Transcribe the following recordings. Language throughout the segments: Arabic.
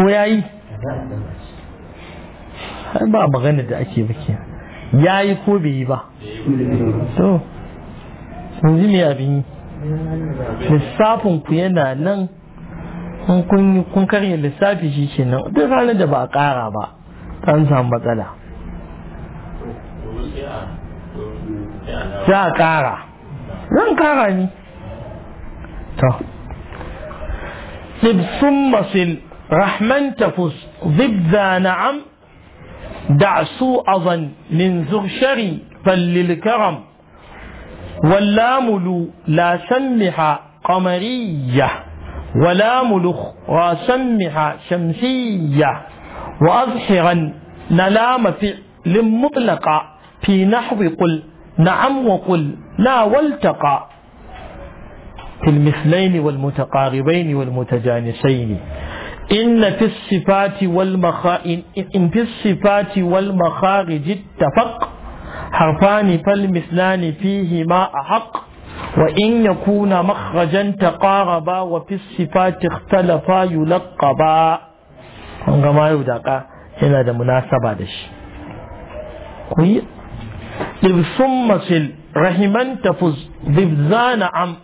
ko yayi ba magana da ake baki yayi ko bai yi ba to yanzu abin yi lissafin ku yana nan kun karya lissafi shi ke nan duk ranar da ba a kara ba an samu matsala za a kara. zan kara ni. to ibsun masil رحمن تفز ضد ذا نعم دع سوء ظن من زغ شري فللكرم واللام لو لا سمح قمرية ولام الأخرى سمح شمسية وأظهرا نلام فعل مطلقا في نحو قل نعم وقل لا والتقى في المثلين والمتقاربين والمتجانسين إن في الصفات والمخا إن في الصفات والمخارج اتفق حرفان فالمثلان فيهما أحق وإن يكون مخرجا تقاربا وفي الصفات اختلفا يلقبا ما يودقا هنا ده مناسبة دش كوي إذ ثم سل رحمن تفز ذبذان عم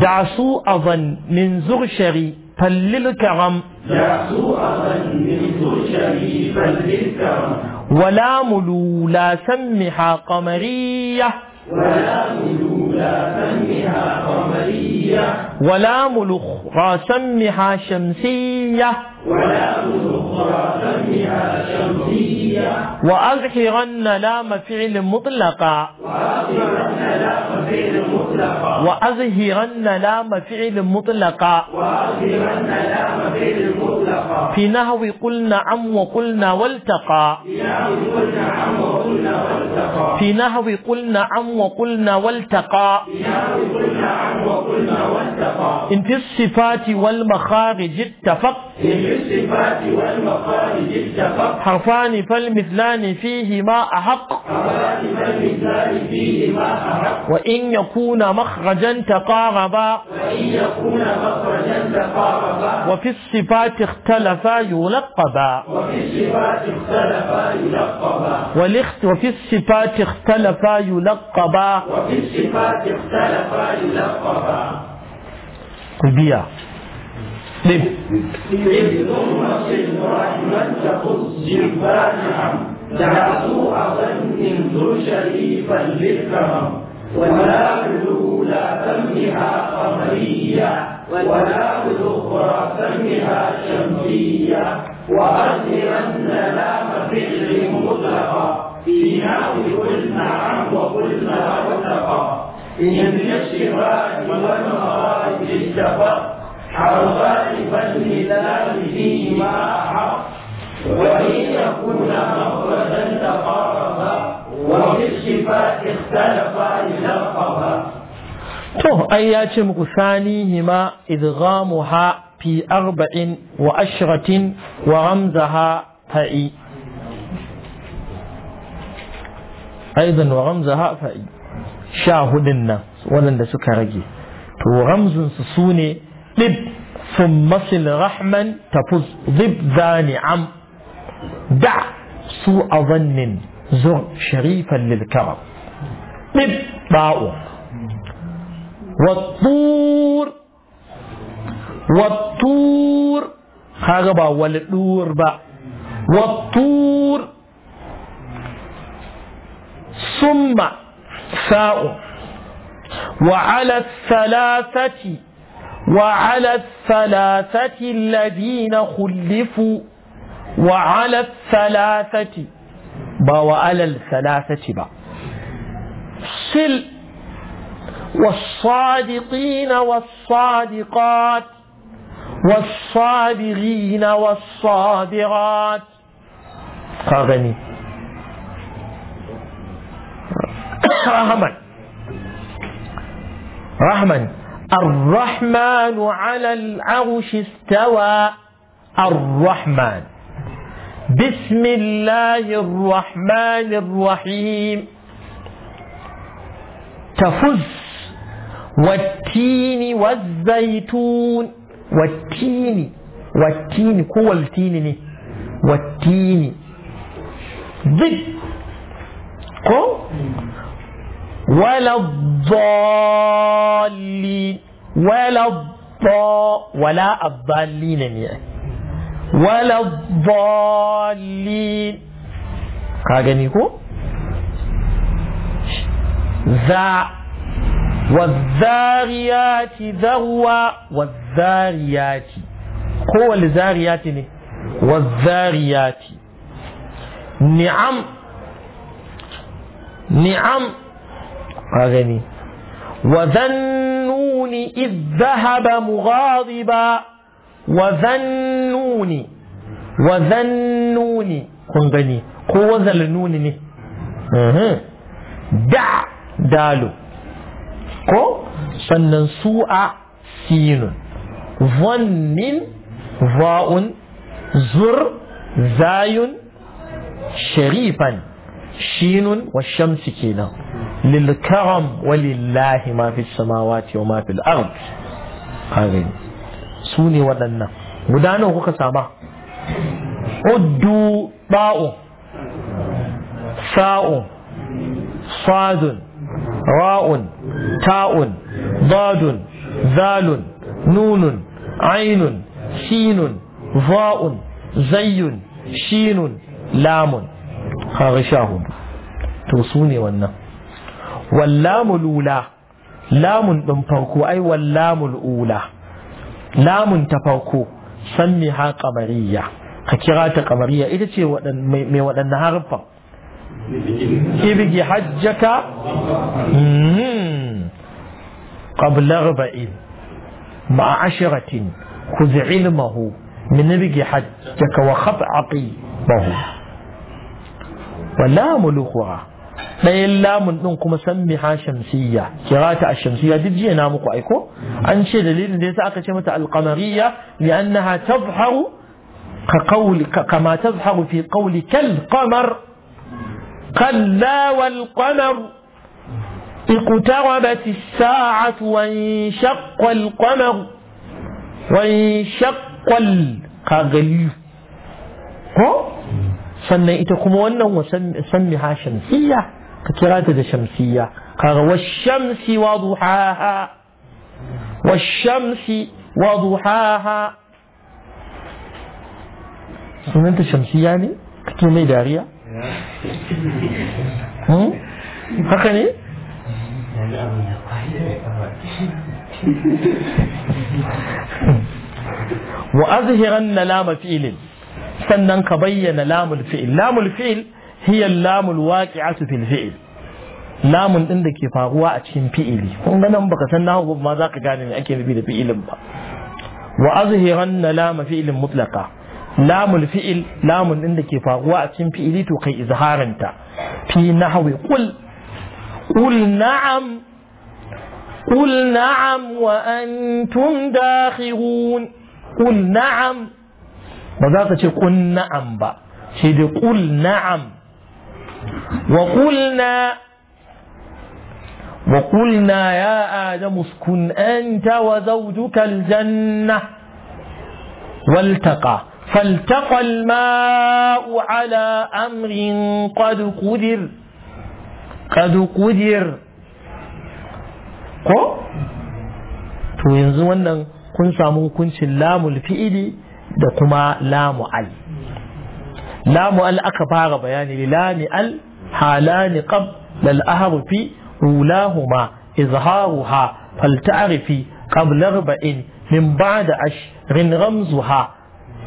دع سوء ظن من زغشري فللكرم دع سوء ظن من زغشري فللكرم ولا ملو لا سمح قمريه ولا ملو سمها قمرية ولام الأخرى سمها شمسية ولام الأخرى سمها شمسية وأظهرن لام فعل مطلقا وأظهرن لام فعل مطلقا وأظهرن لام فعل مطلقا وأظهرن لام فعل مطلقا في نهو قلنا عم وقلنا والتقى في نهو قلنا عم وقلنا والتقى في نحو قلنا عم وقلنا والتقى إن في الصفات والمخارج اتفق في الصفات والمقاصد التفق حرفان فالمثلان فيهما أحق حرفان فالمثلان فيهما أحق وإن يكون مخرجا تقاربا وإن يكون مخرجا تقاربا وفي الصفات اختلفا يلقبا وفي الصفات اختلفا يلقبا والاخت وفي الصفات اختلفا يلقبا وفي الصفات اختلفا يلقبا كبيرة ليه؟ إذ نمسك رحمة تخص الفاتحة دع سوء ظن شريفا للكرم ولا بدول فمها قمرية ولا بدخرى فمها شمسية وأثرن لام فعل مطلقا في نحو قل نعم وقل ما إن للشراء والمراء اشتفق عن لله فيما أحق وإن يكون مفردا تقاربا وفي الشفاء اختلفا يلقبا To, ai ya ce muku sani hima sanihima ha fi arba'in wa ashratin wa ramzaha fa'i. aidan wa ramzaha fa'i. Sha hudun nan waɗanda suka rage. To, ramzinsu su sune ذب ثم صل رحما تفز ضب ذا نعم دع سوء ظن زر شريفا للكرم ذب باء والطور والطور هذا والدور با والطور ثم ساء وعلى الثلاثة وعلى الثلاثة الذين خلفوا وعلى الثلاثة با وعلى الثلاثة با سل والصادقين والصادقات والصابرين والصابرات فغني رحمن رحمن الرحمن على العرش استوى الرحمن بسم الله الرحمن الرحيم تفز والتين والزيتون والتين والتين قوة التين والتين ضد قو ولا الضالين ولا الضا ولا الضالين يعني ولا الضالين كاغني كو ذا والذاريات ذروا والذاريات هو الذاريات يعني. والذاريات نعم نعم غني وذنوني إذ ذهب مغاضبا وذنوني وذنوني كن غني قوة ذلنوني دع دالو كو سننسوء سين ظن ظاء زر زاي شريفا شين والشمس كينا للكرم ولله ما في السماوات وما في الأرض آمين سوني ودنا مدانا هو كسابا ادو باء ساء صاد راء تاء ضاد ذال نون عين سين ظاء زي شين لام هذا شاهد توصوني والنقل واللام الأولى لام دم فرقو أي واللام الأولى لام تفرقو سميها قمرية كيرات قمرية إذا تشي مي ودن هارفا إبقي حجك قبل أربعين مع عشرة خذ علمه من إبقي حجك وخط عقيمه واللام الأخرى ɗayan lamun ɗin kuma sammi ha shamsiyya kirata ta a shamsiyya duk jiya na muku aiko an ce dalilin da yasa aka ce mata alqamariyya annaha tazharu ka qawli kama tazharu fi qawli kal qamar kalla wal qamar اقتربت الساعة وانشق القمر وانشق القغل هو سنة إتكم وأنه سمها شمسية كتيرات الشمسية قال والشمس وضحاها والشمس وضحاها سنة الشمس يعني كتير مي داريا هكني وأظهرن لام فعل سنن كبين لام الفعل لام الفعل hiya lamul waqi'atu fil fi'l lamun din da ke faruwa a cikin fi'ili kun ga nan baka san nahu ba za ka gane me ake nufi da fi'ilin ba wa azhiranna lama fi'lin mutlaqa lamul fi'il lamun din da ke faruwa a cikin fi'ili to kai izharanta fi nahwi qul qul na'am قل نعم وأنتم داخرون قل نعم ba za ka ce kun na'am ba sai dai qul na'am وقلنا وقلنا يا آدم اسكن أنت وزوجك الجنة والتقى فالتقى الماء على أمر قد قدر قد قدر ko to yanzu wannan kun samu hukuncin lamul fi'ili da kuma lamu al لام ال أكبر بياني للام ال حالان قبل الأهر في أولاهما إظهارها فلتعرف قبل أربعين من بعد أشر رمزها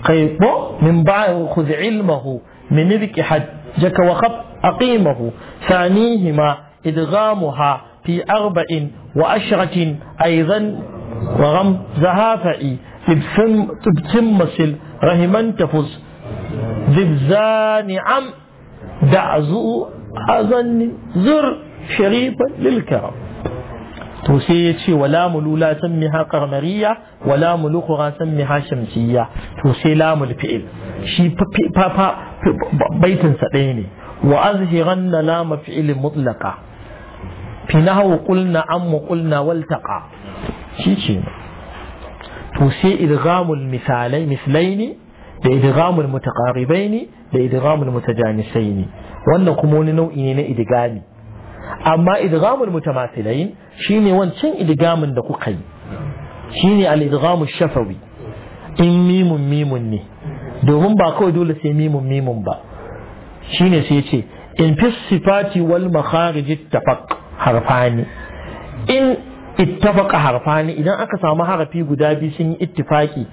قيب من بعد خذ علمه من ذك حجك وخب أقيمه ثانيهما إدغامها في أربع وعشرة أيضا وغمزها فإي ابتم مثل رهما تفز بالزاني عم دع زو أظن زر شريفا للكرم to sai ya ce wa lamulu la wala mulula sammiha qarmariya wala mulukhura sammiha shamsiya to sai lamul fi'il shi fa fa baitin sa ɗaya ne wa azhiranna la maf'il mutlaqa fi nahwu qulna am qulna waltaqa shi ce to sai idghamul misalai mislaini da idgamul mutaqaribaini da idgamul mutajanisaini wannan kuma wani nau'i ne na idgami amma idgamul mutamathilain shine wancan idgamin da kuka yi shine al idgamu shafawi in mimun mimun ne domin ba kawai dole sai mimun mimun ba shine sai yace in fi sifati wal makharij tafaq harfani in ittafaqa harfani idan aka samu harafi guda biyu sun yi ittifaki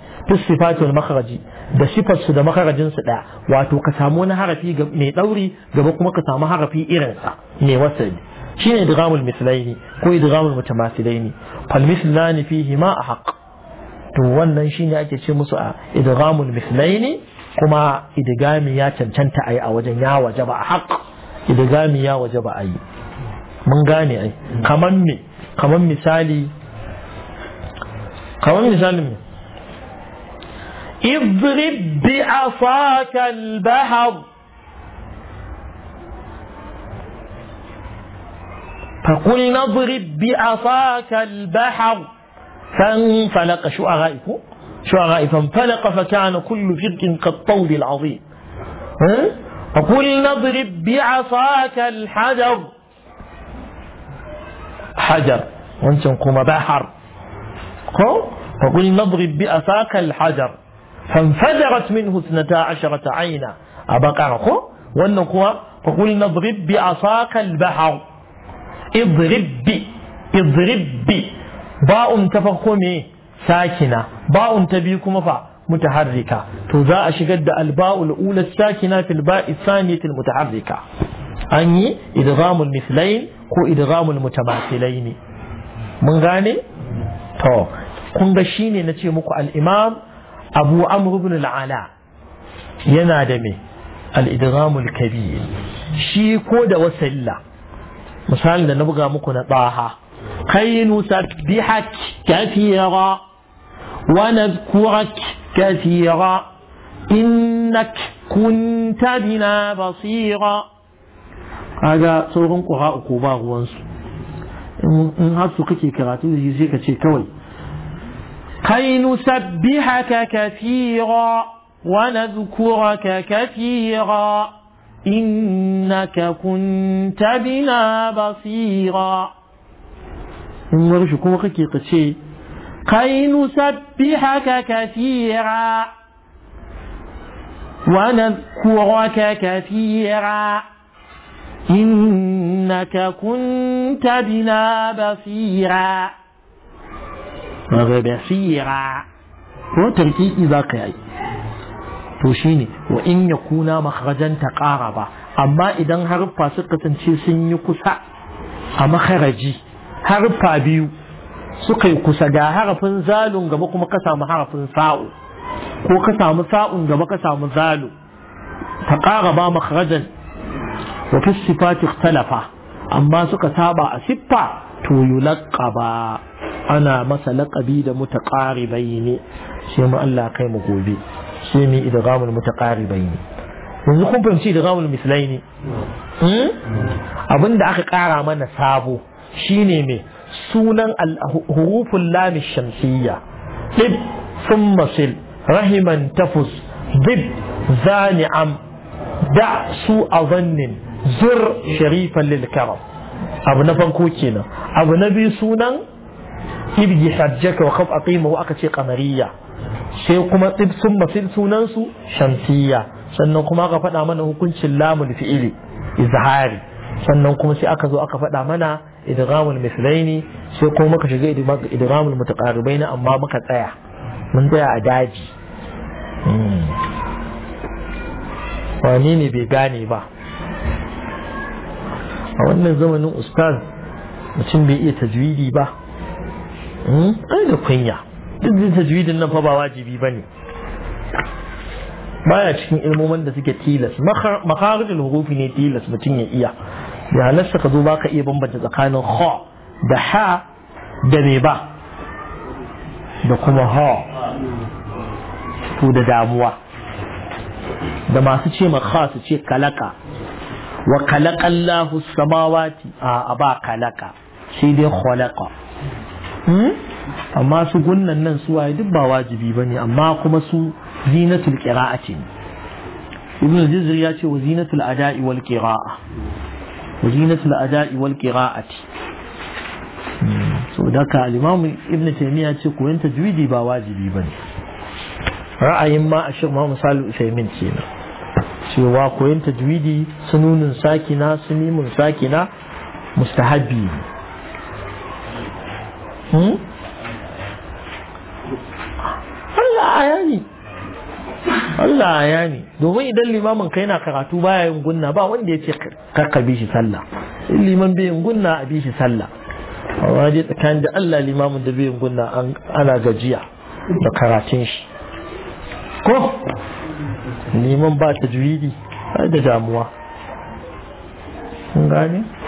fi makaraji da sifar da makarajinsu su wato ka samu wani harafi mai dauri gaba kuma ka samu harafi irin sa mai wasali shine idghamul mislaini ko idghamul mutamathilaini fal mislani fihi ma ahq to wannan shine ake ce musu a idghamul mislaini kuma idgami ya cancanta ayi a wajen ya wajaba ahq idgami ya wajaba ayi mun gane ai kaman me kamar misali kamar misalin ne اضرب بعصاك البحر فقل نضرب بعصاك البحر فانفلق شعرائك شعراء فانفلق فكان كل فرق كالطود العظيم فقل نضرب بعصاك الحجر حجر وانتم قوم بحر فقل نضرب بأفاك الحجر فانفجرت منه اثنتا عشرة عينا أبقى خو وانكم فقل نضرب بأساك البحر اضرب بي اضرب بي باء تفخمي ساكنة باء تبيكم فا متحركة تو ذا أشقد الباء الأولى الساكنة في الباء الثانية المتحركة an yi idghamul mithlain ko idghamul mutamassilain mun gane to kun ga shine nace muku al-imam abu amr ibn al-ala yana da me al-idghamul kabir shi ko da wasalla misalin da na buga muku na tsaha kai nusabbihak kathira wa nadhkurak kathira إنك كنت بنا بصيرا kaga sauran ƙura uku ba ruwansu in har su kake karatu da shi sai ka ce kawai kai nusabbihaka kathira wa nadhkuraka kathira innaka kunta bina basira in shi kuma kake ka ce kai nusabbihaka kathira wa nadhkuraka kathira إنك كنت بنا بصيرا ماذا بصيرا هو تركيكي ذاك أي توشيني وإن يكون مخرجا تقاربا أما إذا هرب فاسقة سن يكسا أما خرجي هرب فابيو suka yi kusa ga harafin zalun gaba kuma ka samu harafin sa'u ko ka samu sa'un gaba ka samu zalu ta ƙara ba makarajan وفي الصفات اختلفا أما سكتابا أسبا تو يلقبا أنا مثلا قبيل متقاربين سيما الله قيم قوبي سيمي إدغام المتقاربين yanzu kun fahimci da gawul mislai ne abin da aka kara mana sabo shine mai sunan hurufun lamis shamsiyya dib sun masil rahiman tafus dib zani'am da su a zannin zur sharifan lil karam abu na farko kenan abu na biyu sunan ibgi hajjaka wa qab aqimahu aka ce qamariya sai kuma sun masu sunan su shamsiyya sannan kuma aka faɗa mana hukuncin lamul fi'ili izhari sannan kuma sai aka zo aka faɗa mana idghamul mislaini sai kuma muka shiga idghamul mutaqaribaini amma muka tsaya mun tsaya a daji hmm. wani ne bai gane ba a wannan zamanin ustaz mutum bai iya tajwidi ba hmm? ai da kunya duk da tajwidin nan fa ba wajibi ba ne baya cikin ilmomin da suke tilas makarijin hurufi ne tilas mutum ya iya ya halasta ka zo ka iya bambanta tsakanin ha da ha da me ba da kuma ha to da damuwa da masu ce maka su ce kalaka wa khalaqa Allahu samawati a ba kalaƙa sai dai khalaqa hmm? amma su gunnan nan su waye duk ba wajibi bane amma kuma su zinatul qira'ati ne Ibn jizr ya ce wa zinatul ada'i wal qira'a wa zinatul ada'i wal qira'ati hmm. so da ka al-imam ibn taymiya ce koyon tajwidi ba wajibi bane ra'ayin ma ashir ma misalu usaymin kenan cewa koyon tajwidi sununin sakina sunimin sakina mustahabi hmm? Allah aya ne Allah aya ne domin idan limamin kai na karatu baya yin gunna ba wanda ya ce karka bi shi sallah in liman bai yin gunna a bi shi sallah amma dai tsakanin da Allah limamin da bai yin gunna ana gajiya da karatun shi ko neman ba ta juwidi da damuwa gane